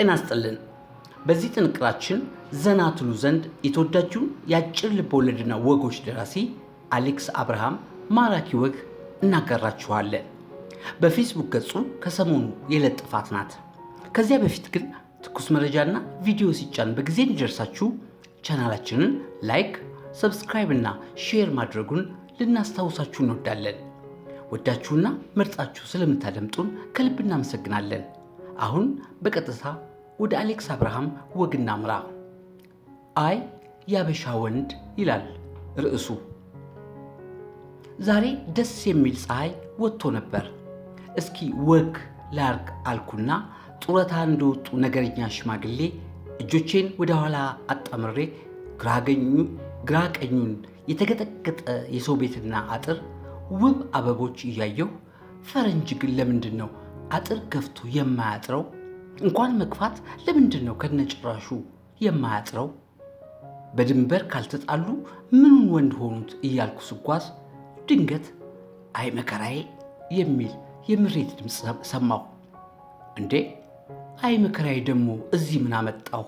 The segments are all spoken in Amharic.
ጤና ስጥልን በዚህ ጥንቅራችን ዘና ትሉ ዘንድ የተወዳጁን የአጭር ልብወለድና ወጎች ደራሲ አሌክስ አብርሃም ማራኪ ወግ እናጋራችኋለን። በፌስቡክ ገጹ ከሰሞኑ የለጥፋት ናት። ከዚያ በፊት ግን ትኩስ መረጃና ቪዲዮ ሲጫን በጊዜ እንዲደርሳችሁ ቻናላችንን ላይክ፣ ሰብስክራይብ እና ሼር ማድረጉን ልናስታውሳችሁ እንወዳለን። ወዳችሁና መርጣችሁ ስለምታደምጡን ከልብ እናመሰግናለን። አሁን በቀጥታ ወደ አሌክስ አብርሃም ወግና ምራ አይ ያበሻ ወንድ ይላል ርዕሱ። ዛሬ ደስ የሚል ፀሐይ ወጥቶ ነበር። እስኪ ወግ ላርግ አልኩና ጡረታ እንደወጡ ነገረኛ ሽማግሌ እጆቼን ወደ ኋላ አጣምሬ ግራ ቀኙን የተገጠገጠ የሰው ቤትና አጥር ውብ አበቦች እያየሁ ፈረንጅ ግን ለምንድን ነው አጥር ገፍቶ የማያጥረው እንኳን መግፋት ለምንድን ነው ከነጭራሹ የማያጥረው? በድንበር ካልተጣሉ ምኑን ወንድ ሆኑት እያልኩ ስጓዝ ድንገት አይ መከራዬ የሚል የምሬት ድምፅ ሰማሁ። እንዴ አይ መከራዬ ደግሞ እዚህ ምን አመጣሁ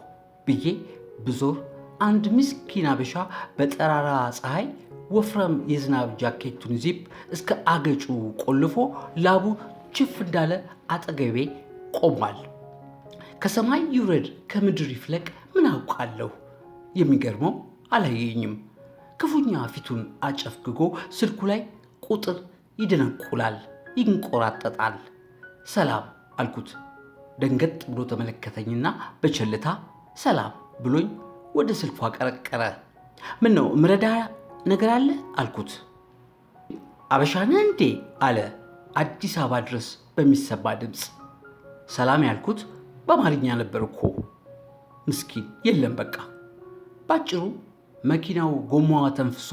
ብዬ ብዞር አንድ ምስኪን አበሻ በጠራራ ፀሐይ ወፍረም የዝናብ ጃኬቱን ዚፕ እስከ አገጩ ቆልፎ ላቡ ችፍ እንዳለ አጠገቤ ቆሟል። ከሰማይ ይውረድ ከምድር ይፍለቅ ምን አውቃለሁ። የሚገርመው አላየኝም። ክፉኛ ፊቱን አጨፍግጎ ስልኩ ላይ ቁጥር ይደነቁላል፣ ይንቆራጠጣል። ሰላም አልኩት። ደንገጥ ብሎ ተመለከተኝና በቸልታ ሰላም ብሎኝ ወደ ስልኩ አቀረቀረ። ምን ነው ምረዳ ነገር አለ አልኩት። አበሻነ እንዴ አለ አዲስ አበባ ድረስ በሚሰባ ድምፅ። ሰላም ያልኩት በአማርኛ ነበር እኮ ምስኪን። የለም በቃ ባጭሩ መኪናው ጎማዋ ተንፍሶ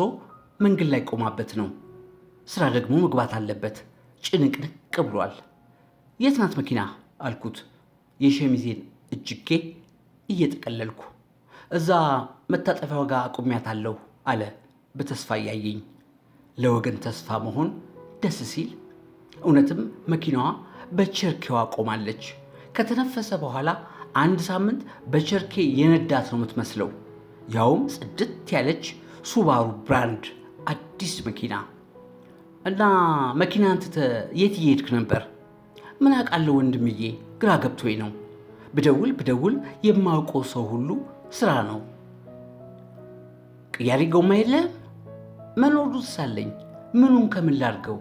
መንገድ ላይ ቆማበት ነው። ስራ ደግሞ መግባት አለበት። ጭንቅንቅ ብሏል። የት ናት መኪና አልኩት፣ የሸሚዜን እጅጌ እየጠቀለልኩ እዛ መታጠፊያው ጋር አቁሚያታለሁ አለ በተስፋ እያየኝ። ለወገን ተስፋ መሆን ደስ ሲል እውነትም መኪናዋ በቸርኪዋ ቆማለች። ከተነፈሰ በኋላ አንድ ሳምንት በቸርኬ የነዳት ነው የምትመስለው። ያውም ጽድት ያለች ሱባሩ ብራንድ አዲስ መኪና። እና መኪና አንትተ የት እየሄድክ ነበር? ምን አውቃለሁ ወንድምዬ፣ ግራ ገብቶኝ ነው። ብደውል ብደውል የማውቀው ሰው ሁሉ ስራ ነው። ቅያሪ ጎማ የለም መኖሩ ሳለኝ ምኑን ከምን ላድርገው?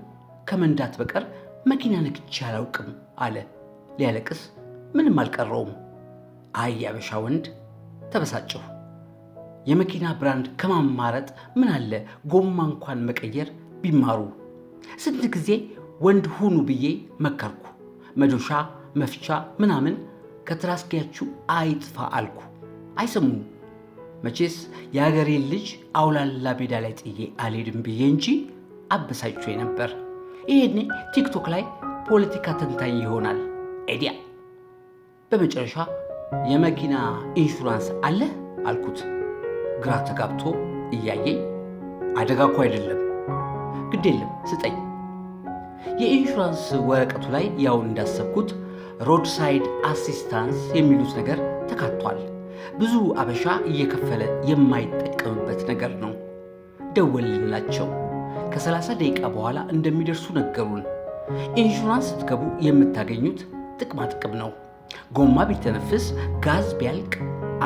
ከመንዳት በቀር መኪና ነክቼ አላውቅም አለ ሊያለቅስ ምንም አልቀረውም። አይ ያበሻ ወንድ ተበሳጨሁ። የመኪና ብራንድ ከማማረጥ ምን አለ ጎማ እንኳን መቀየር ቢማሩ። ስንት ጊዜ ወንድ ሁኑ ብዬ መከርኩ። መዶሻ መፍቻ ምናምን ከትራስጌያችሁ አይጥፋ አልኩ። አይሰሙም። መቼስ የአገሬን ልጅ አውላላ ሜዳ ላይ ጥዬ አልሄድም ብዬ እንጂ አበሳጩ ነበር። ይሄኔ ቲክቶክ ላይ ፖለቲካ ተንታኝ ይሆናል ኤዲያ በመጨረሻ የመኪና ኢንሹራንስ አለ አልኩት። ግራ ተጋብቶ እያየኝ አደጋ እኮ አይደለም፣ ግድ የለም ስጠኝ። የኢንሹራንስ ወረቀቱ ላይ ያው እንዳሰብኩት ሮድ ሳይድ አሲስታንስ የሚሉት ነገር ተካቷል። ብዙ አበሻ እየከፈለ የማይጠቀምበት ነገር ነው። ደወልንላቸው። ከሰላሳ ደቂቃ በኋላ እንደሚደርሱ ነገሩን። ኢንሹራንስ ስትገቡ የምታገኙት ጥቅማ ጥቅም ነው። ጎማ ቢተነፍስ ጋዝ ቢያልቅ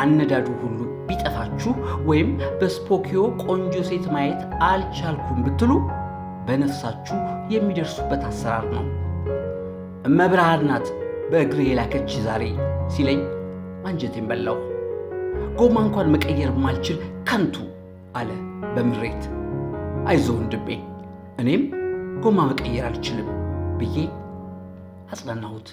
አነዳዱ ሁሉ ቢጠፋችሁ ወይም በስፖኪዮ ቆንጆ ሴት ማየት አልቻልኩም ብትሉ በነፍሳችሁ የሚደርሱበት አሰራር ነው። እመብርሃን ናት በእግር የላከች ዛሬ ሲለኝ አንጀቴን በላው። ጎማ እንኳን መቀየር ማልችል ከንቱ አለ በምሬት። አይዞ ወንድሜ እኔም ጎማ መቀየር አልችልም ብዬ አጽናናሁት።